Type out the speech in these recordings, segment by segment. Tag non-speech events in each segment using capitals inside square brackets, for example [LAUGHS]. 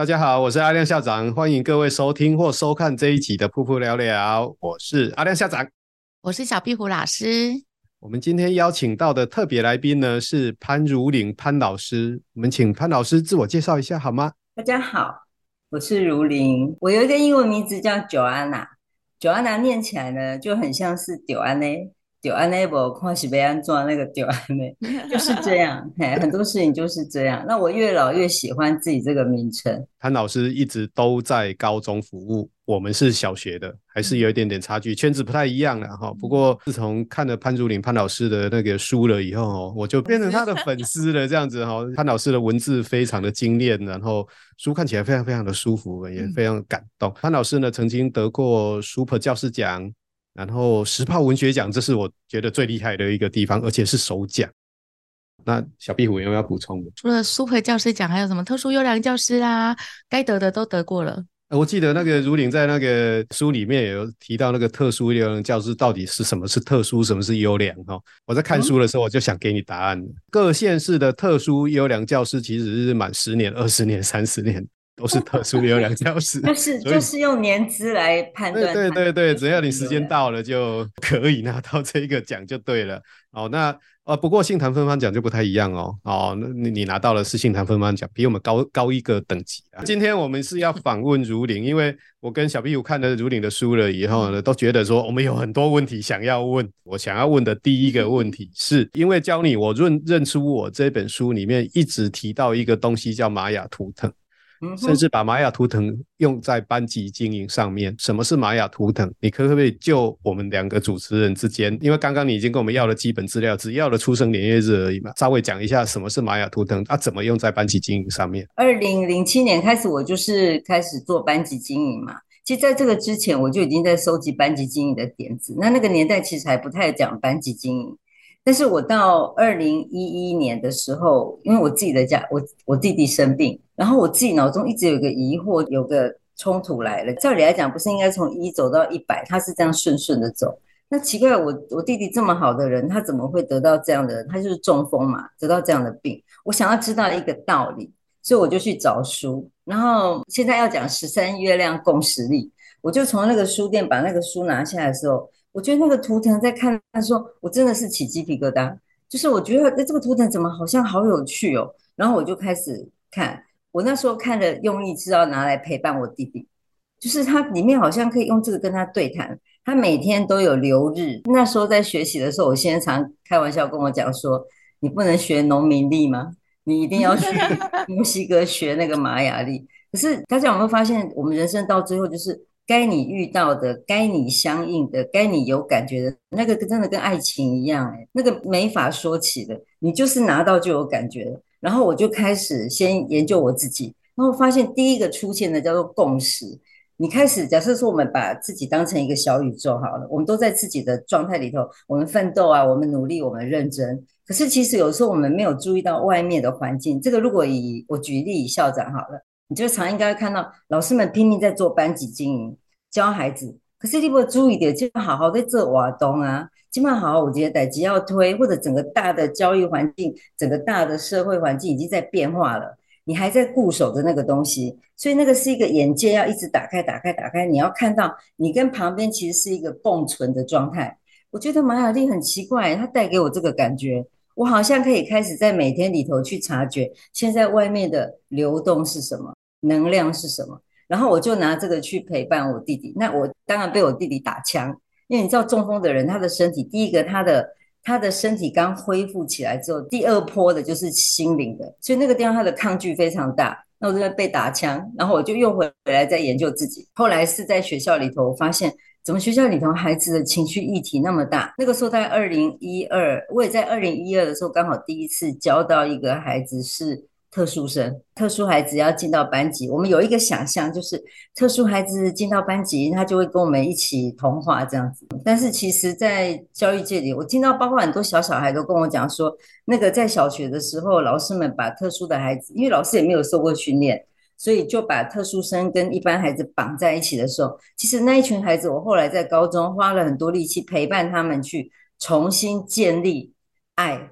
大家好，我是阿亮校長，歡迎各位收聽或收看這一集的《噗噗聊聊》。我是阿亮校長，我是小壁虎老師。我們今天邀請到的特別來賓呢是潘如玲潘老師，我們請潘老師自我介紹一下好嗎？大家好，我是如玲，我有一個英文名字叫 Joanna，Joanna 念起來呢就很像是 Joanne 就 n a b l e 安那 n a b l e 就這。 [LAUGHS] [LAUGHS] 是這樣，很多事情就是這樣。那我越老越喜歡自己這個名稱。潘老師一直都在高中服務，我們是小學的，還是有一點點差距，嗯、圈子不太一樣了哈、嗯。不過自從看了潘如玲潘老師的那個書了以後，我就變成他的粉絲了，這樣子哈。 [LAUGHS] 潘老師的文字非常的精煉，然後書看起來非常非常的舒服，嗯，也非常感動。潘老師呢，曾經得過 Super 教師獎。然後時報文學獎，這是我覺得最厲害的一個地方，而且是首獎。那小壁虎有沒有要補充的？除了 super 教師獎，還有什麼特殊優良教師啦、啊？該得的都得過了。呃、我記得那個如玲在那個書裡面也有提到，那個特殊優良教師到底是什麼？是特殊，什麼是優良？哈、哦，我在看書的時候我就想給你答案、嗯：各縣市的特殊優良教師其實是滿十年、二十年、三十年。 [LAUGHS] 都是特殊優良教師， [LAUGHS] 就是 [LAUGHS] 就是用年資來判斷，對對對，只要你時間到了就可以拿到這個獎就，就對了。哦，那呃、啊、不過杏壇芬芳獎就不太一樣哦哦，那你，你拿到的是杏壇芬芳獎，比我們高高一個等級啊。今天我們是要訪問如玲， [LAUGHS] 因為我跟小屁股看了如玲的書了以後呢、嗯，都覺得說我們有很多問題想要問。我想要問的第一個問題是、嗯、因為教你我認認出我這本書裡面一直提到一個東西叫瑪雅圖騰。甚至把馬雅圖騰用在班級經營上面。什麼是馬雅圖騰？你可不可以就我們兩個主持人之間，因為剛剛你已經跟我們要了基本資料，只要了出生年月日而已嘛，稍微講一下什麼是馬雅圖騰，它、啊、怎麼用在班級經營上面？二零零七年開始，我就是開始做班級經營嘛。其實在這個之前，我就已經在收集班級經營的點子。那那個年代其實還不太講班級經營。但是我到二零一一年的時候，因為我自己的家，我我弟弟生病，然後我自己腦中一直有個疑惑，有個衝突來了。照理來講，不是應該從一走到一百，他是這樣順順的走？那奇怪，我我弟弟這麼好的人，他怎麼會得到這樣的？他就是中風嘛，得到這樣的病。我想要知道一個道理，所以我就去找書。然後現在要講十三月亮共時曆，我就從那個書店把那個書拿下來的時候，我覺得那個圖騰在看，他說我真的是起雞皮疙瘩，就是我覺得這個圖騰怎麼好像好有趣哦。然後我就開始看，我那時候看的用意是要拿來陪伴我弟弟，就是他裡面好像可以用這個跟他對談。他每天都有留日，那時候在學習的時候，我先生常開玩笑跟我講說：“你不能學農民曆嗎？你一定要學墨西哥學那個馬雅曆。”可是大家有沒有發現，我們人生到最後就是。該你遇到的，該你相應的，該你有感覺的那個，真的跟愛情一樣，欸，哎，那個沒法說起的，你就是拿到就有感覺的。然後我就開始先研究我自己，然後發現第一個出現的叫做共識。你開始假設說，我們把自己當成一個小宇宙好了，我們都在自己的狀態裡頭，我們奮鬥啊，我們努力，我們認真。可是其實有時候我們沒有注意到外面的環境。這個如果以我舉例，以校長好了，你就常應該看到老師們拼命在做班級經營。教孩子，可是你不注意點，就要好好在這娃懂啊，起碼好好。我覺得代機要推，或者整個大的教育環境，整個大的社會環境已經在變化了，你還在固守着那個東西，所以那個是一個眼界要一直打開，打開，打開。你要看到，你跟旁邊其實是一個共存的狀態。我覺得馬雅曆很奇怪，她帶給我這個感覺，我好像可以開始在每天裡頭去察覺，現在外面的流動是什麼，能量是什麼。然後我就拿這個去陪伴我弟弟，那我當然被我弟弟打槍，因為你知道中風的人，他的身體第一個，他的他的身體剛恢復起來之後，第二波的就是心靈的，所以那個地方他的抗拒非常大。那我就在被打槍，然後我就又回來再研究自己。後來是在學校裡頭我發現，怎麼學校裡頭孩子的情緒議題那麼大？那個時候在二零一二，我也在二零一二的時候剛好第一次教到一個孩子是。特殊生、特殊孩子要進到班級，我們有一個想象，就是特殊孩子進到班級，他就會跟我們一起同化這樣子。但是其實，在教育界裡，我聽到包括很多小小孩都跟我講說，那個在小學的時候，老師們把特殊的孩子，因為老師也沒有受過訓練，所以就把特殊生跟一般孩子綁在一起的時候，其實那一群孩子，我後來在高中花了很多力氣陪伴他們去重新建立愛，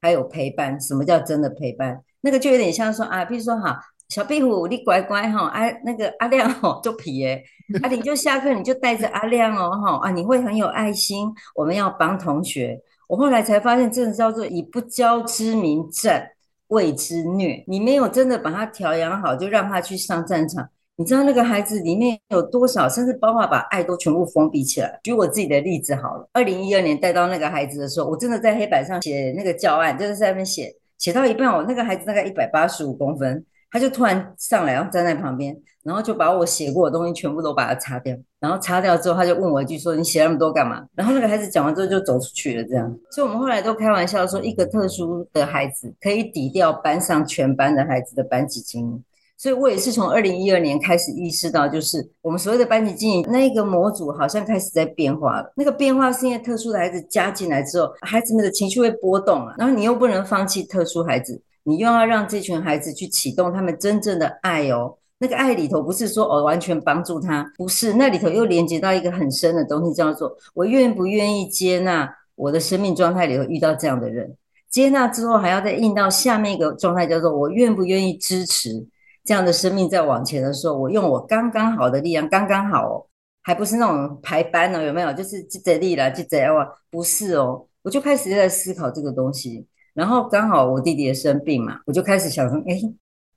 還有陪伴。什麼叫真的陪伴？那個就有點像說啊，比如說好，小壁虎你乖乖哈，啊那個阿亮吼、哦、就皮耶，阿、 [LAUGHS] 啊、你就下課你就帶着阿亮哦哈，啊你會很有愛心，我們要幫同學。我後來才發現，真的叫做以不教之名戰，謂之虐。你沒有真的把他調養好，就讓他去上戰場。你知道那個孩子裡面有多少，甚至包括把愛都全部封閉起來。舉我自己的例子，好，了，二零一二年帶到那個孩子的時候，我真的在黑板上寫那個教案，就是在那邊寫。寫到一半，我那個孩子大概一百八十五公分，他就突然上來，然後站在旁邊，然後就把我寫過的東西全部都把它擦掉，然後擦掉之後，他就問我一句說：“你寫那麼多幹嘛？”然後那個孩子講完之後就走出去了這樣。所以我們後來都開玩笑說，一個特殊的孩子可以抵掉班上全班的孩子的班級經營。所以我也是從二零一二年開始意識到，就是我們所謂的班級經營那個模組好像開始在變化了。那個變化是因為特殊的孩子加進來之後，孩子們的情緒會波動啊。然後你又不能放棄特殊孩子，你又要讓這群孩子去啟動他們真正的愛哦。那個愛裡頭不是說哦完全幫助他，不是，那裡頭又連接到一個很深的東西叫做我願不願意接納我的生命狀態裡頭遇到這樣的人，接納之後還要再印到下面一個狀態叫做我願不願意支持，這樣的生命在往前的時候，我用我剛剛好的力量，剛剛好，還不是那種排班呢，有沒有？就是積德力啦，積德力，不是哦，我就開始在思考這個東西。然後剛好我弟弟也生病嘛，我就開始想說，哎，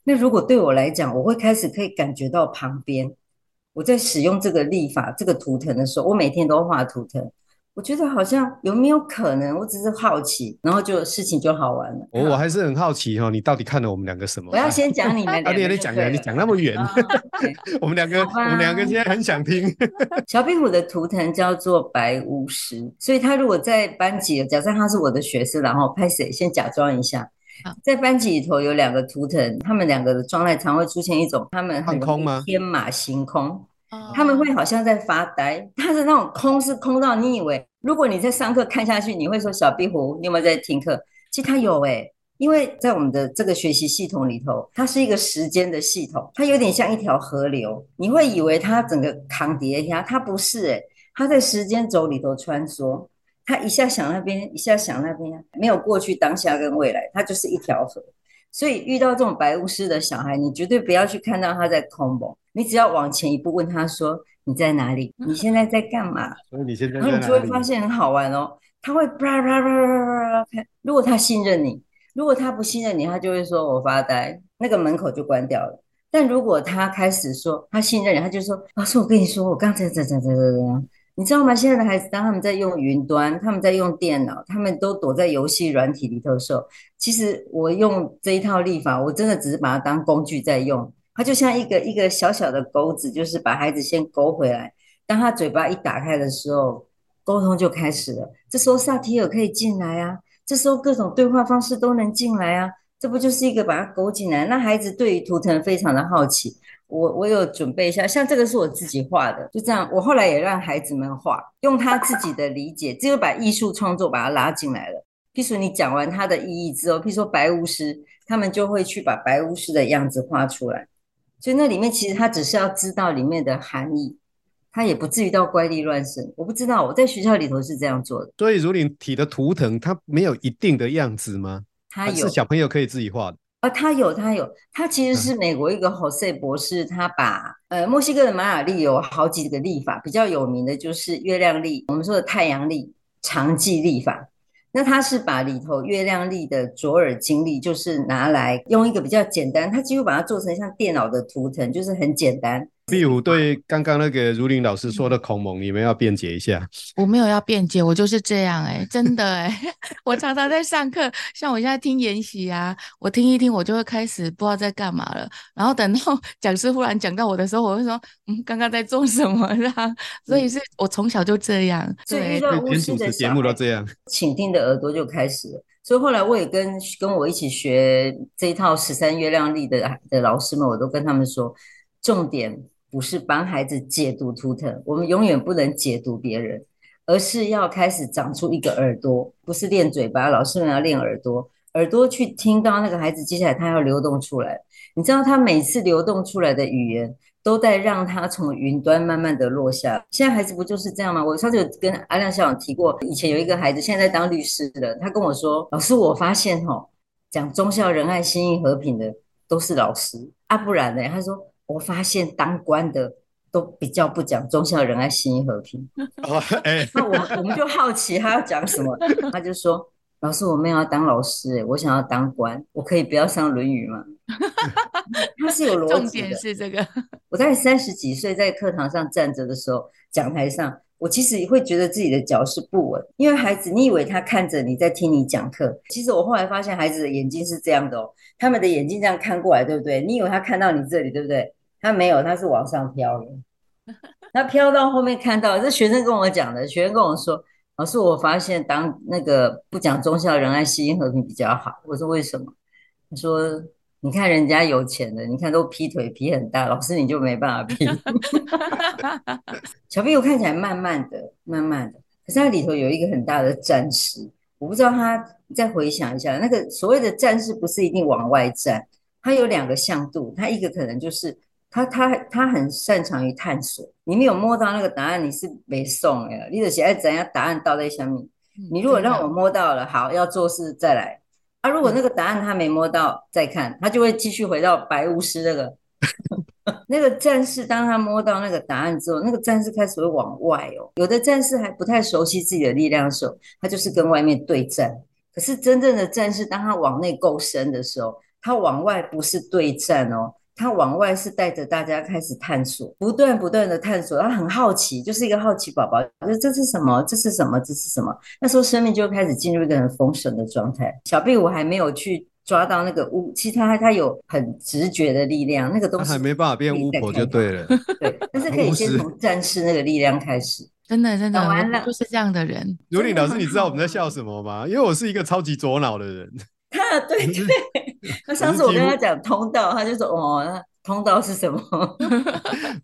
那如果對我來講，我會開始可以感覺到旁邊我在使用這個力法、這個圖騰的時候，我每天都畫圖騰。我覺得好像有沒有可能？我只是好奇，然後就事情就好玩了。我、哦、我還是很好奇哈、哦，你到底看了我們兩個什麼？我要先講你們，阿、啊、你講講，你講那麼遠，哦 okay、 [LAUGHS] 我們兩個， [LAUGHS] 我們兩個現在很想聽。小壁虎的圖騰叫做白巫師，所以他如果在班級，假設他是我的學生，然後派誰先假裝一下？在班級裡頭有兩個圖騰，他們兩個的狀態常會出現一種，他們很空嗎？天馬行空。他們會好像在發呆，他是那種空，是空到你以為如果你在上課看下去，你會說小壁虎你有沒有在聽課？其實他有誒、欸、因為在我們的這個學習系統裡頭，它是一個時間的系統，它有點像一條河流，你會以為它整個抗疊一下。它不是誒、欸、它在時間軸裡頭穿梭，它一下想那邊，一下想那邊，沒有過去、當下跟未來，它就是一條河。所以遇到這種白巫師的小孩，你絕對不要去看到他在空蒙。你只要往前一步，問他說：“你在哪裡？你現在在幹嘛？所以你現在在？”然後你就會發現很好玩哦、喔。他會啪啪啪啪啪。如果他信任你，如果他不信任你，他就會說我發呆。那個門口就關掉了。但如果他開始說他信任你，他就說：“老、oh, 師、so，我跟你說，我剛才在在在在在，你知道嗎？現在的孩子，當他們在用雲端，他們在用電腦，他們都躲在遊戲軟體裡頭的時候，其實我用這一套曆法，我真的只是把它當工具在用。”它就像一個一個小小的鈎子，就是把孩子先勾回來。當他嘴巴一打開的時候，溝通就開始了。這時候薩提爾可以進來啊，這時候各種對話方式都能進來啊。這不就是一個把它勾進來？那孩子對於圖騰非常的好奇。我我有準備一下，像這個是我自己畫的，就這樣。我後來也讓孩子們畫，用他自己的理解，只有把藝術創作把他拉進來了。譬如你講完他的意義之後，譬如說白巫師，他們就會去把白巫師的樣子畫出來。所以那裡面其實他只是要知道裡面的含義，他也不至於到怪力亂神。我不知道，我在學校裡頭是這樣做的。所以如玲提的圖騰，它沒有一定的樣子嗎？它有，是小朋友可以自己畫的。啊，它有，它有，它其實是美國一個 Jose 博士，嗯、他把呃墨西哥的瑪雅歷有好幾個曆法，比較有名的就是月亮曆，我們說的太陽曆、長計曆法。那他是把裡頭月亮曆的卓爾金曆，就是拿來用一個比較簡單，他幾乎把它做成像電腦的圖騰，就是很簡單。例如對剛剛那個如玲老師說的孔孟、嗯，你們要辯解一下。我沒有要辯解，我就是這樣、欸、真的、欸、 [LAUGHS] 我常常在上課，像我現在聽研習啊，我聽一聽，我就會開始不知道在幹嘛了。然後等到講師忽然講到我的時候，我會說：“嗯，剛剛在做什麼啦？”所以是我從小就這樣，嗯、對以遇到任的節目都這樣，傾聽的耳朵就開始了。所以後來我也跟跟我一起學這一套十三月亮曆的的老師們，我都跟他們說，重點。不是幫孩子解讀圖騰，我們永遠不能解讀別人，而是要開始長出一個耳朵，不是練嘴巴，老師們要練耳朵，耳朵去聽到那個孩子接下來他要流動出來。你知道他每次流動出來的語言，都在讓他從雲端慢慢的落下。現在孩子不就是這樣嗎？我上次有跟阿亮校長提過，以前有一個孩子現在在當律師了，他跟我說，老師我發現吼、哦、講忠孝仁愛、信義和平的都是老師啊，不然呢？他說。我發現當官的都比較不講忠孝仁愛、信義和平。Oh, yeah. 那我我們就好奇他要講什麼， [LAUGHS] 他就說：“老師，我沒有要當老師，欸，我想要當官，我可以不要上《論語》嗎？” [LAUGHS] 他是有邏輯的。 [LAUGHS] 重點是這個 [LAUGHS] ，我在三十幾歲在課堂上站着的時候，講台上。我其實也會覺得自己的腳是不穩，因為孩子，你以為他看着你在聽你講課，其實我後來發現孩子的眼睛是這樣的哦，他們的眼睛這樣看過來，對不對？你以為他看到你這裡，對不對？他沒有，他是往上飄的。他 [LAUGHS] 飄到後面看到，這學生跟我講的，學生跟我說，老師，我發現當那個不講忠孝仁愛、信義和平比較好。我說為什麼？他說。你看人家有錢的，你看都劈腿劈很大，老師你就沒辦法劈。 [LAUGHS] [LAUGHS] 小朋友看起來慢慢的、慢慢的，可是那裡頭有一個很大的戰士，我不知道他再回想一下，那個所謂的戰士不是一定往外戰，他有兩個向度，他一個可能就是他他他很擅長於探索，你沒有摸到那個答案你是沒送哎，你得寫，哎，怎樣？答案倒在下面，你如果讓我摸到了，嗯啊、好要做事再來。啊！如果那個答案他沒摸到，再看他就會繼續回到白巫師那個 [LAUGHS] 那個戰士。當他摸到那個答案之後，那個戰士開始會往外哦。有的戰士還不太熟悉自己的力量的時候，他就是跟外面對戰。可是真正的戰士，當他往內夠深的時候，他往外不是對戰哦。他往外是帶着大家開始探索，不斷不斷的探索。他很好奇，就是一個好奇寶寶，就是這是什麼？這是什麼？這是什麼？那時候生命就開始進入一個很豐盛的狀態。小貝，我還沒有去抓到那個巫，其實他他有很直覺的力量，那個東西還沒辦法變巫婆就對了。對， [LAUGHS] 但是可以先從戰士那個力量開始。 [LAUGHS] 真的真的，真的，完了就是這樣的人。 [LAUGHS] 如玲老師，你知道我們在笑什麼嗎？因為我是一個超級左腦的人。啊對對，那、啊、上次我跟他講通道，通道他就說哦，那通道是什麼？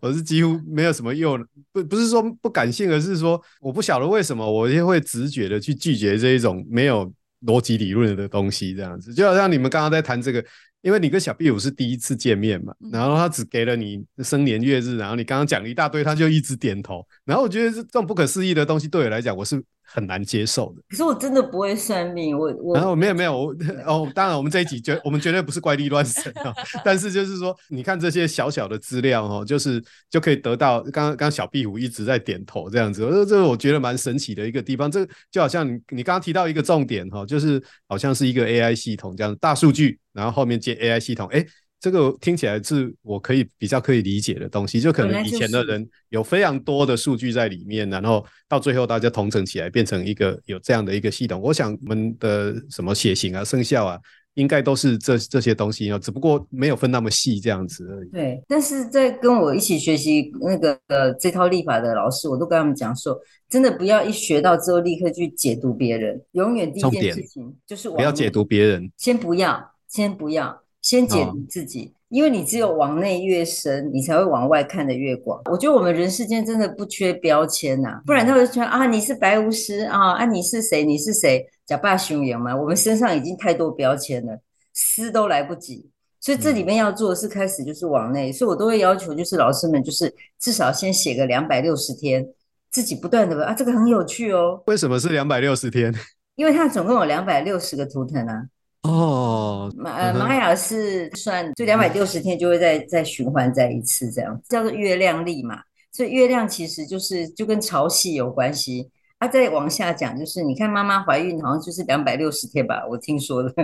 [LAUGHS] 我是幾乎沒有什麼用，不不是說不感性，而是說我不曉得為什麼我就會直覺的去拒絕這一種沒有邏輯理論的東西，這樣子。就好像你們剛剛在談這個，因為你跟小壁虎是第一次見面嘛、嗯，然後他只給了你生年月日，然後你剛剛講了一大堆，他就一直點頭，然後我覺得這種不可思議的東西對我來講，我是。很難接受的。可是我真的不會算命，我我、啊、沒有沒有我哦。當然，我們這一集絕 [LAUGHS] 我們絕對不是怪力亂神啊、哦。 [LAUGHS] 但是就是說，你看這些小小的資料哦，就是就可以得到剛剛小壁虎一直在點頭這樣子，這這我覺得蠻神奇的一個地方。這就好像你你剛剛提到一個重點哦，就是好像是一個 AI 系統這樣，大數據，然後後面接 AI 系統，哎、欸。這個聽起來是我可以比較可以理解的東西，就可能以前的人有非常多的數據在裡面啊，然後到最後大家統整起來變成一個有這樣的一個系統。我想我們的什麼血型啊、生肖啊，應該都是這這些東西啊，只不過沒有分那麼細這樣子而已。對，但是在跟我一起學習那個這套歷法的老師，我都跟他們講說，真的不要一學到之後立刻去解讀別人，永遠第一件事情就是不要解讀別人，先不要，先不要。先解讀自己、哦，因為你只有往內越深，你才會往外看得越廣。我覺得我們人世間真的不缺標籤呐、啊嗯，不然他會說啊，你是白巫師啊，啊你是誰？你是誰？假霸雄羊嘛。我們身上已經太多標籤了，撕都來不及。所以這裡面要做的是開始就是往內、嗯，所以我都會要求就是老師們就是至少先寫個兩百六十天，自己不斷的問啊，這個很有趣哦。為什麼是兩百六十天？因為它總共有兩百六十個圖騰啊。哦、oh, uh -huh.，呃，瑪雅是算就兩百六十天就會再、uh -huh. 再循環再一次這樣，叫做月亮曆嘛。所以月亮其實就是就跟潮汐有關係。啊，再往下講就是，你看媽媽懷孕好像就是兩百六十天吧，我聽說的。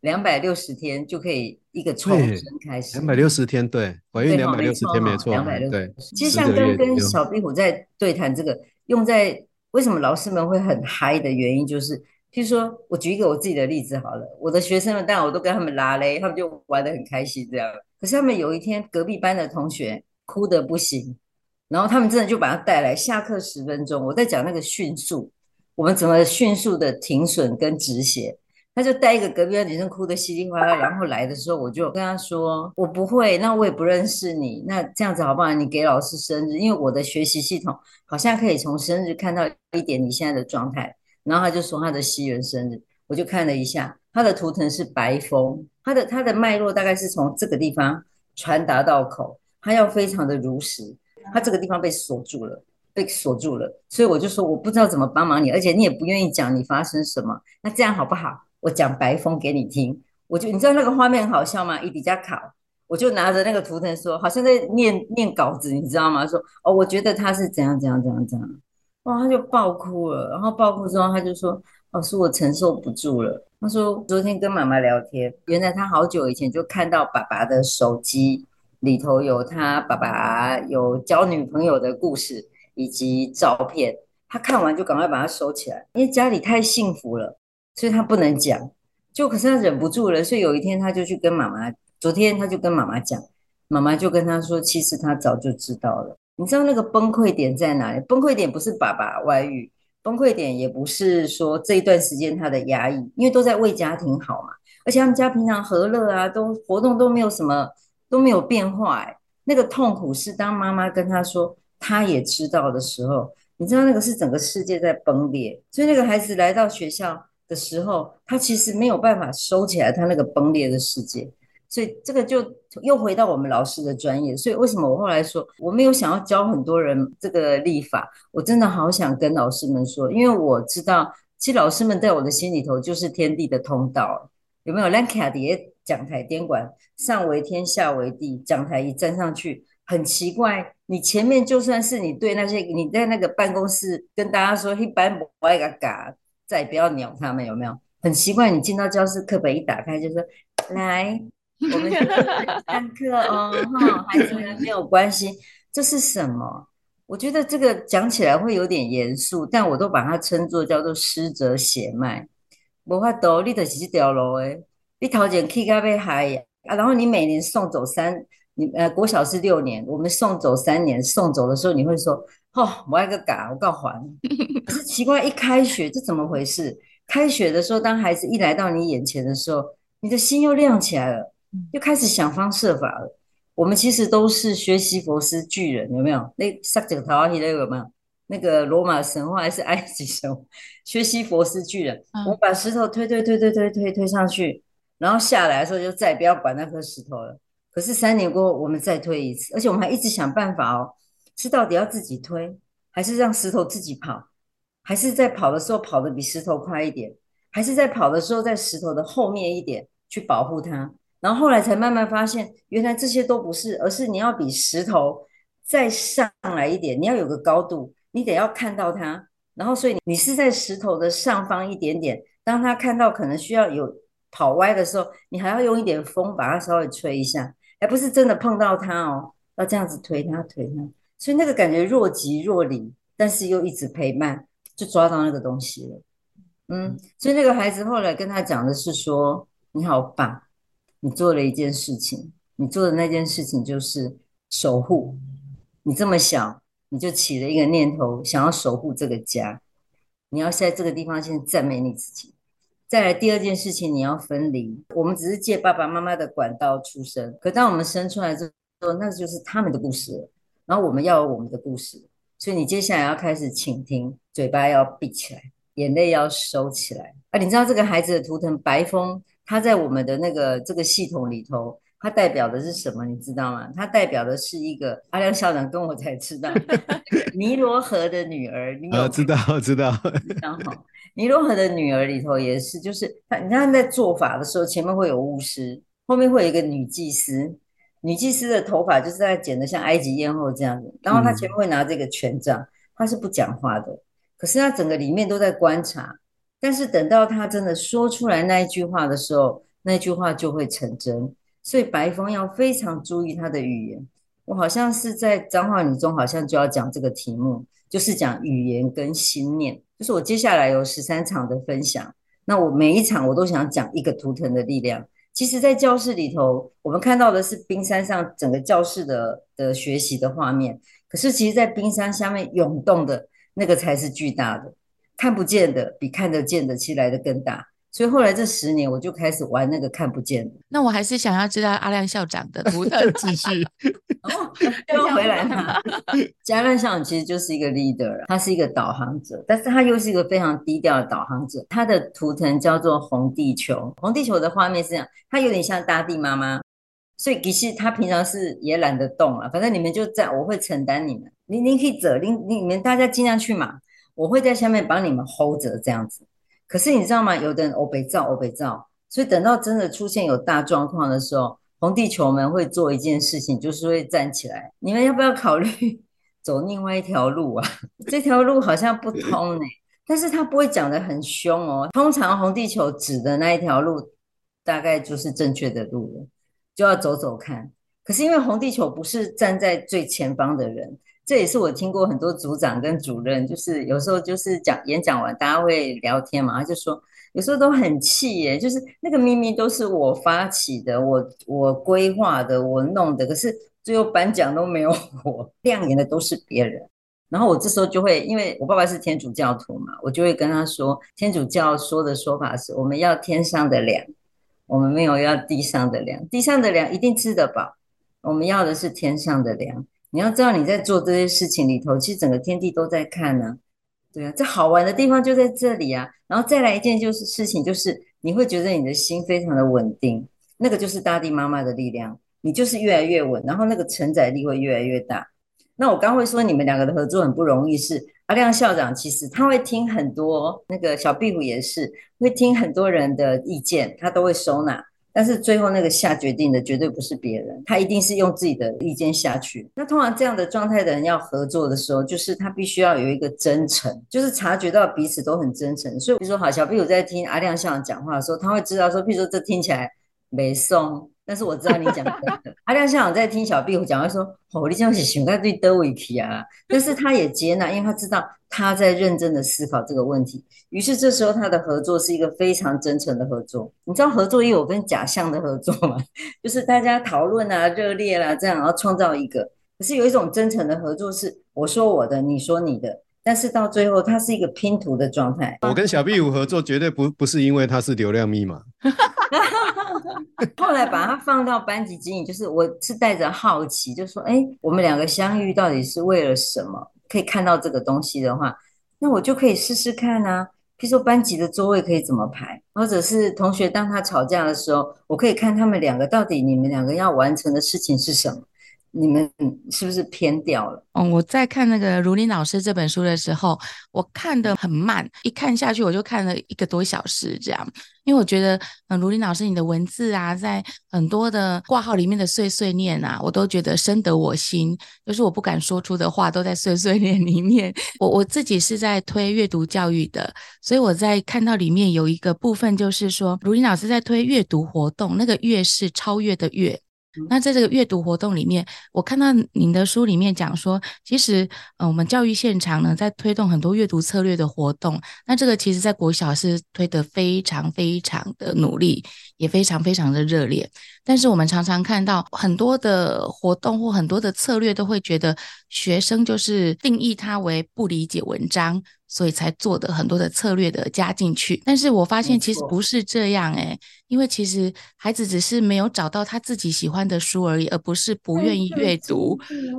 兩百六十天就可以一個重生開始。兩百六十天，對，懷孕兩百六十天沒錯，對沒錯、哦，兩百六十。其實像跟跟小壁虎在對談這個，用在為什麼老師們會很嗨的原因就是。譬如說，我舉一個我自己的例子好了。我的學生們，當然我都跟他們拉嘞，他們就玩得很開心這樣。可是他們有一天，隔壁班的同學哭得不行，然後他們真的就把他帶來。下課十分鐘，我在講那個迅速，我們怎麼迅速的停損跟止血。他就帶一個隔壁班女生哭得稀里嘩啦，然後來的時候，我就跟他說：“我不會，那我也不認識你，那這樣子好不好？你給老師生日，因為我的學習系統好像可以從生日看到一點你現在的狀態。”然後他就說他的西元生日，我就看了一下，他的圖騰是白風，他的他的脈絡大概是從這個地方傳達到口，他要非常的如實，他這個地方被鎖住了，被鎖住了，所以我就說我不知道怎麼幫忙你，而且你也不願意講你發生什麼，那這樣好不好？我講白風給你聽，我就你知道那個畫面很好笑嗎？伊迪加卡，我就拿着那個圖騰說，好像在念念稿子，你知道嗎？說哦，我覺得他是怎樣怎樣怎樣怎樣。哇，他就爆哭了，然後爆哭之後，他就說：“老師，我承受不住了。”他說：“昨天跟媽媽聊天，原來他好久以前就看到爸爸的手機裡頭有他爸爸有交女朋友的故事以及照片，他看完就趕快把它收起來，因為家裡太幸福了，所以他不能講。就可是他忍不住了，所以有一天他就去跟媽媽。昨天他就跟媽媽講，媽媽就跟他說，其實他早就知道了。”你知道那個崩潰點在哪裡？崩潰點不是爸爸外遇，崩潰點也不是說這一段時間他的壓抑，因為都在為家庭好嘛，而且他們家平常和樂啊，都活動都沒有什麼，都沒有變化，欸。那個痛苦是當媽媽跟他說他也知道的時候，你知道那個是整個世界在崩裂，所以那個孩子來到學校的時候，他其實沒有辦法收起來他那個崩裂的世界。所以這個就又回到我們老師的專業。所以為什麼我後來說我沒有想要教很多人這個立法？我真的好想跟老師們說，因為我知道，其實老師們在我的心裡頭就是天地的通道，有沒有？蘭卡迪講台，電管上為天，下為地。講台一站上去，很奇怪，你前面就算是你對那些你在那個辦公室跟大家說，一般不愛嘎嘎，再不要鳥他們，有沒有？很奇怪，你進到教室，課本一打開就說來。 [LAUGHS] [LAUGHS] 我們就上課哦，哈、哦，孩子們沒有關係。這是什麼？我覺得這個講起來會有點嚴肅，但我都把它稱作叫做師者血脈。我法獨立的是幾條路誒，你掏錢去幹咩海啊？然後你每年送走三，你呃國小是六年，我們送走三年，送走的時候你會說，吼、哦，我一個噶，我告還。 [LAUGHS] 可是奇怪，一開學這怎麼回事？開學的時候，當孩子一來到你眼前的時候，你的心又亮起來了。就開始想方設法了。我們其實都是薛西弗斯巨人，有沒有？那三只陶器的有沒有？那個羅馬神話還是埃及神話？薛西弗斯巨人，我們把石頭推推推推推推推上去，然後下來的時候就再不要管那顆石頭了。可是三年過後，我們再推一次，而且我們還一直想辦法哦：是到底要自己推，還是讓石頭自己跑？還是在跑的時候跑得比石頭快一點？還是在跑的時候在石頭的後面一點去保護它？然後後來才慢慢發現，原來這些都不是，而是你要比石頭再上來一點，你要有個高度，你得要看到它。然後，所以你是在石頭的上方一點點，當他看到可能需要有跑歪的時候，你還要用一點風把它稍微吹一下，而不是真的碰到它哦，要這樣子推它推它。所以那個感覺若即若離，但是又一直陪伴，就抓到那個東西了。嗯，所以那個孩子後來跟他講的是說：“你好棒。”你做了一件事情，你做的那件事情就是守護。你這麼小，你就起了一個念頭，想要守護這個家。你要在這個地方先讚美你自己。再來第二件事情，你要分離。我們只是借爸爸媽媽的管道出生，可當我們生出來之後，那就是他們的故事了，然後我們要有我們的故事。所以你接下來要開始傾聽，嘴巴要閉起來，眼淚要收起來。啊，你知道這個孩子的圖騰，白風，它在我們的那個這個系統裡頭，它代表的是什麼？你知道嗎？它代表的是一個阿亮校長跟我才知道尼 [LAUGHS] 羅河的女兒。你知道，啊、知道，非常好。尼 [LAUGHS] 羅河的女兒裡頭也是，就是他，你看他在做法的時候，前面會有巫師，後面會有一個女祭司。女祭司的頭髮就是在剪的像埃及艷後這樣子，然後她前面會拿這個權杖，她是不講話的，嗯、可是她整個裡面都在觀察。但是等到他真的說出來那一句話的時候，那一句話就會成真。所以白風要非常注意他的語言。我好像是在彰化女中，好像就要講這個題目，就是講語言跟心念。就是我接下來有十三場的分享，那我每一場我都想講一個圖騰的力量。其實，在教室裡頭，我們看到的是冰山上整個教室的的學習的畫面，可是其實，在冰山下面湧動的那個才是巨大的。看不見的比看得見的，其實來得更大。所以後來這十年，我就開始玩那個看不見的。那我還是想要知道阿亮校長的圖騰體哦，又回來了。嘉亮校長其實就是一個 leader，他是一個導航者，但是他又是一個非常低調的導航者。他的圖騰叫做紅地球。紅地球的畫面是這樣，他有點像大地媽媽。所以其實他平常是也懶得動了，反正你們就在，我會承擔你們。你你可以走，你你你們大家盡量去嘛。我會在下面把你們 hold 着這樣子，可是你知道嗎？有的人，歐北照，歐北照。所以等到真的出現有大狀況的時候，紅地球們會做一件事情，就是會站起來。你們要不要考慮走另外一條路啊？這條路好像不通呢、欸。但是他不會講得很凶哦。通常紅地球指的那一條路，大概就是正確的路了，就要走走看。可是因為紅地球不是站在最前方的人。這也是我聽過很多組長跟主任，就是有時候就是講演講完，大家會聊天嘛，他就說有時候都很氣耶，就是那個秘密都是我發起的，我我規劃的，我弄的，可是最後頒獎都沒有我，亮眼的都是別人。然後我這時候就會，因為我爸爸是天主教徒嘛，我就會跟他說，天主教說的說法是，我們要天上的糧，我們沒有要地上的糧，地上的糧一定吃得飽，我們要的是天上的糧。你要知道，你在做這些事情裡頭，其實整個天地都在看呢、啊。對啊，這好玩的地方就在這裡啊。然後再來一件就是事情，就是你會覺得你的心非常的穩定，那個就是大地媽媽的力量，你就是越來越穩，然後那個承載力會越來越大。那我剛會說你們兩個的合作很不容易是，是阿亮校長其實他會聽很多，那個小壁虎也是會聽很多人的意見，他都會收納。但是最後那個下決定的絕對不是別人，他一定是用自己的意見下去。那通常這樣的狀態的人要合作的時候，就是他必須要有一個真誠，就是察覺到彼此都很真誠。所以我就說好，小朋友在聽阿亮校長講話的時候，他會知道說，譬如說這聽起來沒鬆。但是我知道你講的、 [LAUGHS] 啊。阿亮先生在聽小壁虎講，他說：“哦、 [LAUGHS] 喔，你這樣子，應該對德我一啊。”但是他也接納，因為他知道他在認真的思考這個問題。於是這時候他的合作是一個非常真誠的合作。你知道合作也有跟假象的合作嗎？就是大家討論啊，熱烈啦、啊，這樣然後創造一個。可是有一種真誠的合作是我說我的，你說你的，但是到最後它是一個拼圖的狀態。我跟小壁虎合作絕對不不是因為他是流量密碼。 [LAUGHS] [LAUGHS] 後來把它放到班級經營，就是我是帶着好奇，就說：哎、欸，我們兩個相遇到底是為了什麼？可以看到這個東西的話，那我就可以試試看啊。譬如說班級的座位可以怎麼排，或者是同學當他吵架的時候，我可以看他們兩個到底你們兩個要完成的事情是什麼。你們是不是偏掉了？嗯、哦，我在看那個如玲老師這本書的時候，我看得很慢，一看下去我就看了一個多小時這樣。因為我覺得，嗯，如玲老師你的文字啊，在很多的掛號裡面的碎碎念啊，我都覺得深得我心。就是我不敢說出的話，都在碎碎念裡面。我我自己是在推閱讀教育的，所以我在看到裡面有一個部分，就是說如玲老師在推閱讀活動，那個“閱”是超越的“越”。那在這個閱讀活動裡面，我看到您的書裡面講說，其實，呃，我們教育現場呢在推動很多閱讀策略的活動。那這個其實，在國小是推得非常非常的努力，也非常非常的熱烈。但是，我們常常看到很多的活動或很多的策略，都會覺得學生就是定義它為不理解文章。所以才做的很多的策略的加進去，但是我發現其實不是這樣誒、欸，因為其實孩子只是沒有找到他自己喜歡的書而已，而不是不願意閱讀，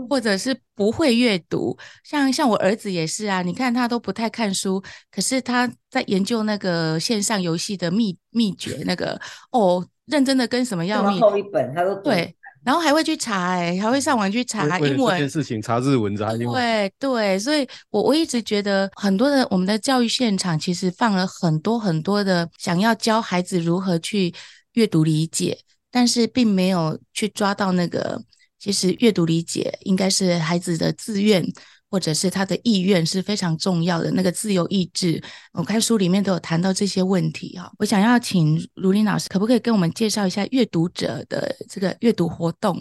或者是不會閱讀。像像我兒子也是啊，你看他都不太看書，可是他在研究那個線上遊戲的秘秘訣那個哦，認真的跟什麼樣對。然後還會去查、欸，哎，還會上網去查英文，這件事情查日文，查英文。對對，所以我我一直覺得，很多的我們的教育現場其實放了很多很多的，想要教孩子如何去閱讀理解，但是並沒有去抓到那個，其實閱讀理解應該是孩子的自願。或者是他的意願是非常重要的那個自由意志，我看書裡面都有談到這些問題哈。我想要請如玲老師，可不可以跟我們介紹一下閱讀者的這個閱讀活動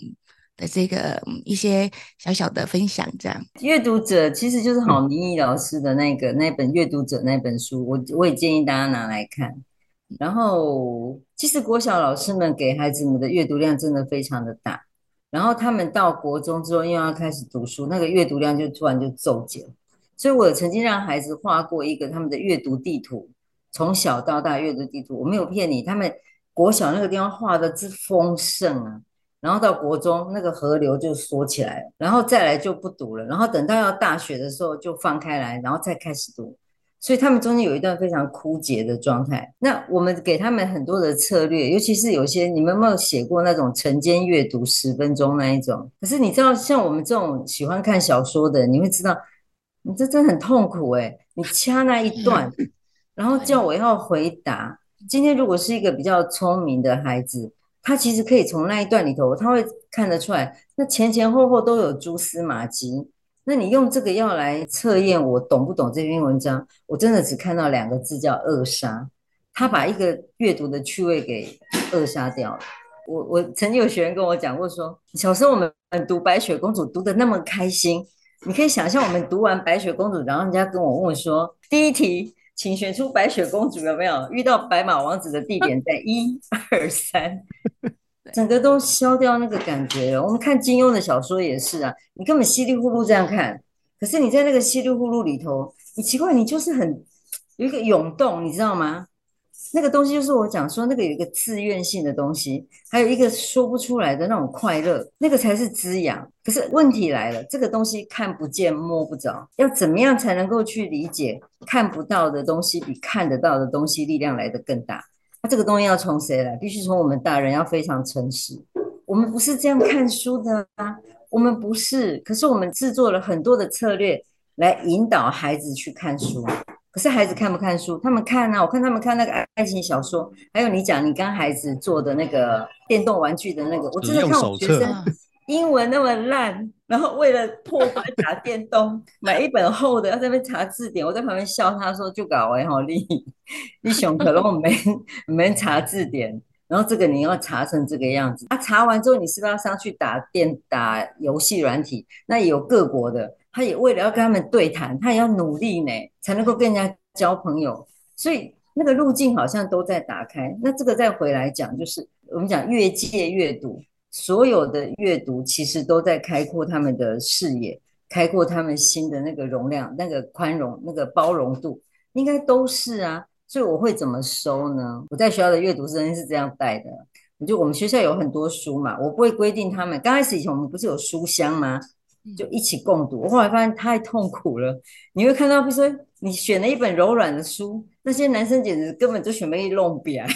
的這個一些小小的分享？這樣，閱讀者其實就是郝明義老師的那個那本《閱讀者》那本書，我我也建議大家拿來看。然後，其實國小老師們給孩子們的閱讀量真的非常的大。然後他們到國中之後，又要開始讀書，那個閱讀量就突然就驟減了。所以我曾經讓孩子畫過一個他們的閱讀地圖，從小到大閱讀地圖，我沒有騙你，他們國小那個地方畫的是豐盛啊，然後到國中那個河流就縮起來，然後再來就不讀了，然後等到要大學的時候就放開來，然後再開始讀。所以他們中間有一段非常枯竭的狀態。那我們給他們很多的策略，尤其是有些，你們有沒有寫過那種晨間閱讀十分鐘那一種。可是你知道，像我們這種喜歡看小說的，你會知道，你這真的很痛苦誒，欸，你掐那一段， [LAUGHS] 然後叫我要回答。今天如果是一個比較聰明的孩子，他其實可以從那一段裡頭，他會看得出來，那前前後後都有蛛絲馬跡。那你用這個藥來測驗我懂不懂這篇文章？我真的只看到兩個字叫扼殺，他把一個閱讀的趣味給扼殺掉了。我我曾經有學員跟我講過說，說小時候我們讀白雪公主讀得那麼開心，你可以想象我們讀完白雪公主，然後人家跟我問我說，第一題，請選出白雪公主有沒有遇到白馬王子的地點，在一、 [LAUGHS] 二、三。整個都消掉那個感覺了，我們看金庸的小說也是啊，你根本稀里糊塗這樣看，可是你在那個稀里糊塗裡頭，你奇怪，你就是很有一個湧動，你知道嗎？那個東西就是我講說那個有一個自願性的東西，還有一個說不出來的那種快樂，那個才是滋養。可是問題來了，這個東西看不見摸不着，要怎麼樣才能夠去理解看不到的東西比看得到的東西力量來得更大？他這個東西要從誰來？必須從我們大人要非常誠實。我們不是這樣看書的啊，我們不是。可是我們製作了很多的策略來引導孩子去看書啊。可是孩子看不看書？他們看啊，我看他們看那個愛情小說，還有你講你跟孩子做的那個電動玩具的那個，我真的看我學生。英文那麼爛，然後為了破壞打電動， [LAUGHS] 買一本厚的，要在那邊查字典。我在旁邊笑他，說：“就搞哎，好厲害，一熊可能沒沒查字典，然後這個你要查成這個樣子。他、啊、查完之後，你是不是要上去打電打遊戲軟體？那也有各國的，他也為了要跟他們對談，他也要努力呢，才能夠跟人家交朋友。所以那個路徑好像都在打開。那這個再回來講，就是我們講越界閱讀。”所有的閱讀其實都在開闊他們的視野，開闊他們心的那個容量、那個寬容、那個包容度，應該都是啊。所以我會怎麼收呢？我在學校的閱讀生是這樣帶的。我就我們學校有很多書嘛，我不會規定他們。剛開始以前我們不是有書香嗎？就一起共讀。我後來發現太痛苦了。你會看到不是，比如說你選了一本柔軟的書，那些男生簡直根本就準備弄扁，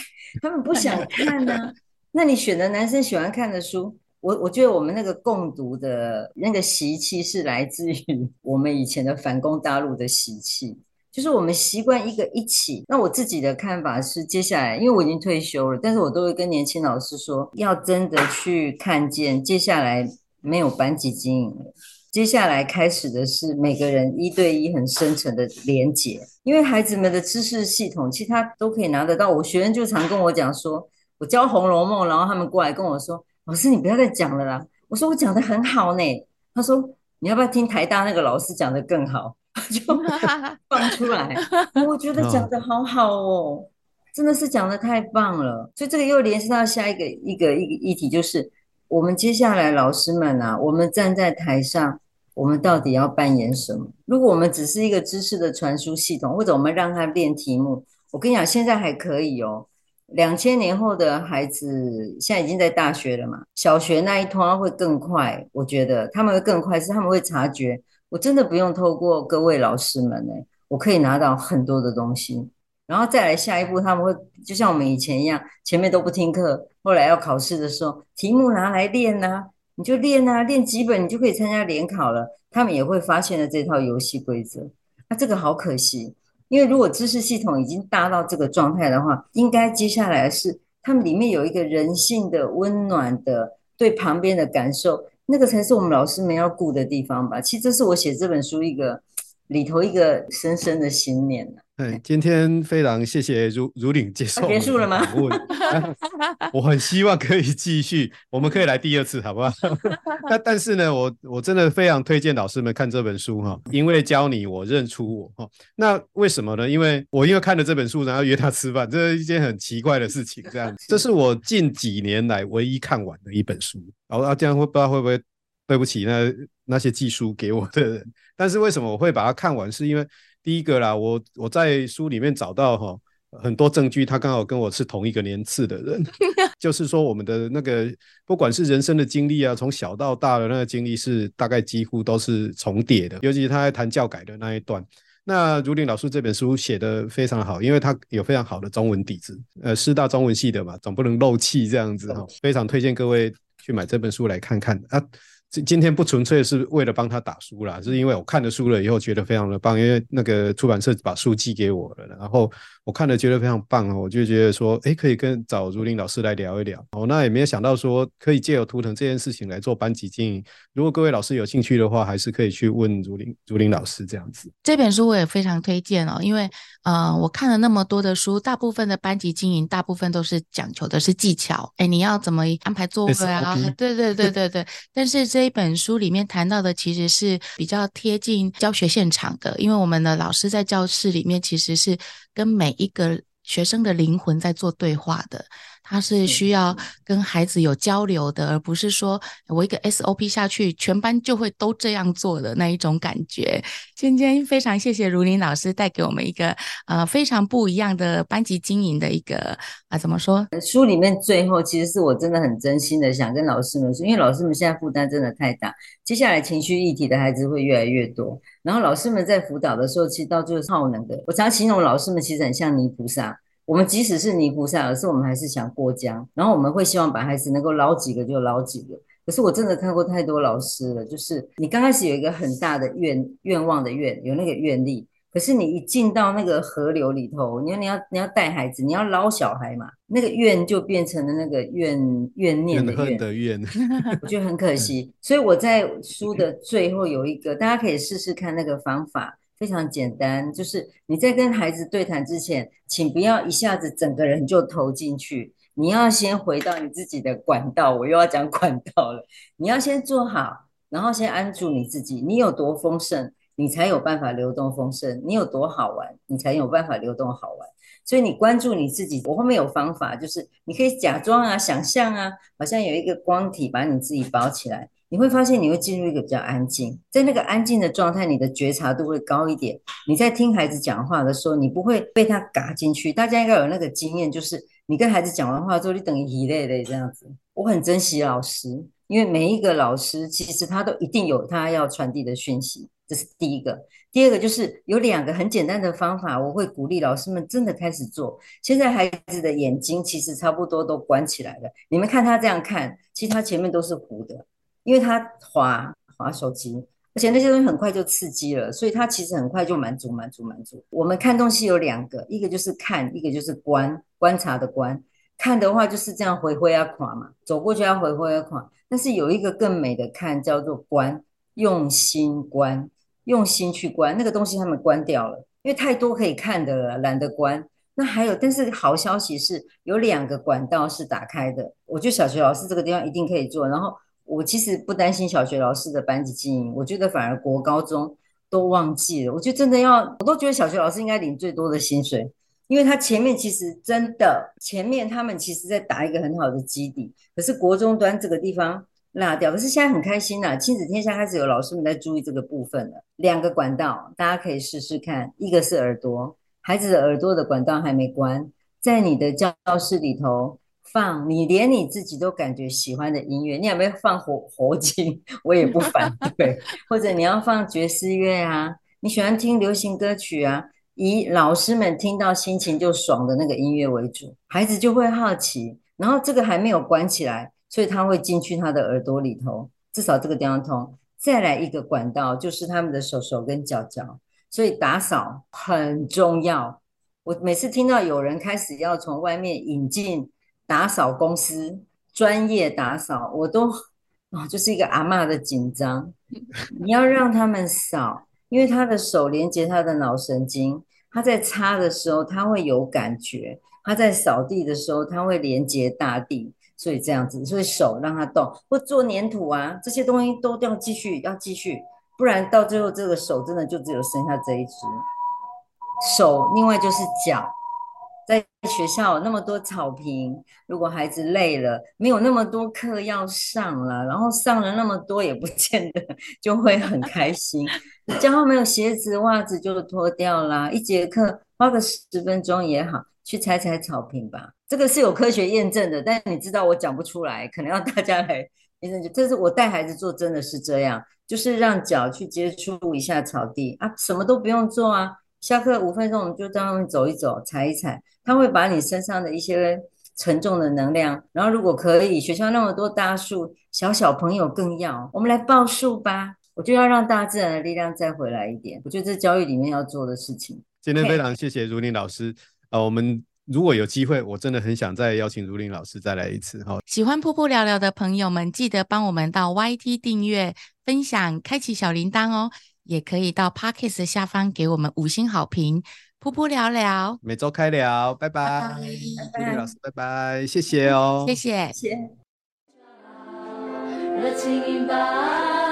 他們不想看呢、啊。 [LAUGHS] 那你選的男生喜歡看的書，我我覺得我們那個共讀的那個習氣是來自於我們以前的反攻大陸的習氣，就是我們習慣一個一起。那我自己的看法是，接下來因為我已經退休了，但是我都會跟年輕老師說，要真的去看見接下來沒有班級經營了，接下來開始的是每個人一對一很深層的連結，因為孩子們的知識系統其他都可以拿得到。我學生就常跟我講說。我教《紅樓夢》，然後他們過來跟我說：“老師，你不要再講了啦。”我說：“我講得很好呢、欸。”他說：“你要不要聽台大那個老師講得更好？” [LAUGHS] 就放出來。 [LAUGHS] 我覺得講得好好哦，真的是講得太棒了。所以這個又聯繫到下一個一個一個議題，就是我們接下來老師們啊，我們站在台上，我們到底要扮演什麼？如果我們只是一個知識的傳輸系統，或者我們讓他練題目，我跟你講，現在還可以哦。兩千年後的孩子現在已經在大學了嘛？小學那一拖會更快，我覺得他們會更快，是他們會察覺，我真的不用透過各位老師們呢、欸，我可以拿到很多的東西，然後再來下一步，他們會就像我們以前一樣，前面都不聽課，後來要考試的時候，題目拿來練吶、啊，你就練吶、啊，練幾本你就可以參加聯考了，他們也會發現了這套遊戲規則，那、啊、這個好可惜。因為如果知識系統已經搭到這個狀態的話，應該接下來是他們裡面有一個人性的溫暖的對旁邊的感受，那個才是我們老師們要顧的地方吧。其實這是我寫這本書一個裡頭一個深深的信念。今天非常謝謝如如玲結束結束了嗎、？ [LAUGHS] 啊？我很希望可以繼續，我們可以來第二次，好不好？那 [LAUGHS] 但，但是呢，我我真的非常推薦老師們看這本書哈，因為教你我認出我哈。那為什麼呢？因為我因為看了這本書，然後約他吃飯，這是一件很奇怪的事情。這樣子， [LAUGHS] 這是我近幾年來唯一看完的一本書。然、哦、後、啊、這樣會不知道會不會對不起那那些寄書給我的人。但是為什麼我會把它看完？是因為。第一個啦，我我在書裡面找到哈很多證據，他剛好跟我是同一個年次的人，就是說我們的那個不管是人生的經歷啊，從小到大的那個經歷是大概幾乎都是重疊的。尤其他在談教改的那一段，那如玲老師這本書寫得非常好，因為他有非常好的中文底子，呃，師大中文系的嘛，總不能漏氣這樣子哈，非常推薦各位去買這本書來看看啊。今天不純粹是為了幫他打書啦，是因為我看了書了以後覺得非常的棒，因為那個出版社把書寄給我了，然後我看了覺得非常棒，我就覺得說，哎，可以跟找如玲老師來聊一聊。哦，那也沒有想到說可以借由圖騰這件事情來做班級經營。如果各位老師有興趣的話，還是可以去問如玲如玲老師這樣子。這本書我也非常推薦哦，因為。嗯、呃，我看了那麼多的書，大部分的班級經營，大部分都是講求的是技巧。哎，你要怎麼安排座位啊？Okay. 對對對對對。 [LAUGHS] 但是這一本書裡面談到的其實是比較貼近教學現場的，因為我們的老師在教室裡面其實是跟每一個學生的靈魂在做對話的。他是需要跟孩子有交流的，而不是說我一個 SOP 下去，全班就會都這樣做的那一種感覺。今天非常謝謝如玲老師帶給我們一個呃非常不一樣的班級經營的一個啊、呃、怎麼說？書裡面最後，其實是我真的很真心的想跟老師們說，因為老師們現在負擔真的太大，接下來情緒議題的孩子會越來越多，然後老師們在輔導的時候，其實到最後超難的。我常常形容老師們其實很像泥菩薩。我們即使是泥菩薩，而是我們還是想過江。然後我們會希望把孩子能夠撈幾個就撈幾個。可是我真的看過太多老師了，就是你剛開始有一個很大的願願望的願，有那個願力。可是你一進到那個河流裡頭，你要你要你要帶孩子，你要撈小孩嘛，那個願就變成了那個怨怨念的怨，願的願。 [LAUGHS] 我覺得很可惜。所以我在書的最後有一個，大家可以試試看那個方法。非常簡單，就是你在跟孩子對談之前，請不要一下子整個人就投進去，你要先回到你自己的管道。我又要講管道了，你要先做好，然後先安住你自己。你有多豐盛，你才有辦法流動豐盛；你有多好玩，你才有辦法流動好玩。所以你關注你自己，我後面有方法，就是你可以假裝啊，想象啊，好像有一個光體把你自己包起來。你會發現你會進入一個比較安靜。在那個安靜的狀態，你的覺察度會高一點。你在聽孩子講話的時候，你不會被他嘎進去。大家應該有那個經驗，就是你跟孩子講完話之後，就等於一類類這樣子。我很珍惜老師，因為每一個老師其實他都一定有他要傳遞的訊息，這是第一個。第二個就是有兩個很簡單的方法，我會鼓勵老師們真的開始做。現在孩子的眼睛其實差不多都關起來了，你們看他這樣看，其實他前面都是糊的。因為他滑滑手機，而且那些東西很快就刺激了，所以他其實很快就滿足滿足滿足。我們看東西有兩個，一個就是看，一個就是觀，觀察的觀。看的話就是這樣，回揮要垮嘛，走過去要回揮要垮。但是有一個更美的看，叫做觀，用心觀，用心去觀那個東西。他們關掉了，因為太多可以看的了，懶得關。那還有，但是好消息是有兩個管道是打開的。我覺得小學老師這個地方一定可以做，然後。我其實不擔心小學老師的班級經營，我覺得反而國高中都忘記了。我覺得真的要，我都覺得小學老師應該領最多的薪水，因為他前面其實真的，前面他們其實在打一個很好的基底，可是國中端這個地方落掉。可是現在很開心了啊，親子天下開始有老師們在注意這個部分了。兩個管道，大家可以試試看，一個是耳朵，孩子的耳朵的管道還沒關，在你的教室裡頭。放你連你自己都感覺喜歡的音樂，你有沒有放火？火警我也不反對。 [LAUGHS] 或者你要放爵士樂啊，你喜歡聽流行歌曲啊，以老師們聽到心情就爽的那個音樂為主，孩子就會好奇。然後這個還沒有關起來，所以他會進去他的耳朵裡頭，至少這個地方通。再來一個管道就是他們的手手跟腳腳，所以打掃很重要。我每次聽到有人開始要從外面引進。打掃公司，專業打掃，我都啊、哦，就是一個阿嬤的緊張。你要讓他們掃，因為他的手連接他的腦神經，他在擦的時候他會有感覺，他在掃地的時候他會連接大地，所以這樣子，所以手讓他動，或做黏土啊，這些東西都要繼續要繼續，不然到最後這個手真的就只有剩下這一隻手，另外就是腳。在學校有那麼多草坪，如果孩子累了，沒有那麼多課要上了，然後上了那麼多也不見得就會很開心。然後沒有鞋子、襪子就脫掉啦，一節課花個十分鐘也好，去踩踩草坪吧。這個是有科學驗證的，但你知道我講不出來，可能要大家來驗證。這是我帶孩子做，真的是這樣，就是讓腳去接觸一下草地啊，什麼都不用做啊。下課五分鐘，我們就在外面走一走，踩一踩，他會把你身上的一些沉重的能量。然後，如果可以，學校那麼多大樹，小小朋友更要，我們來抱樹吧。我就要讓大自然的力量再回來一點。我覺得這教育裡面要做的事情。今天非常謝謝如玲老師啊、呃，我們如果有機會，我真的很想再邀請如玲老師再來一次哈。喜歡噗噗聊聊的朋友們，記得幫我們到 YT 訂閱、分享、開啟小鈴鐺哦。也可以到 Podcast 下方給我們五星好評，噗噗聊聊，每周開聊，拜拜，拜拜，bye -bye bye -bye. 謝謝哦，謝謝。謝謝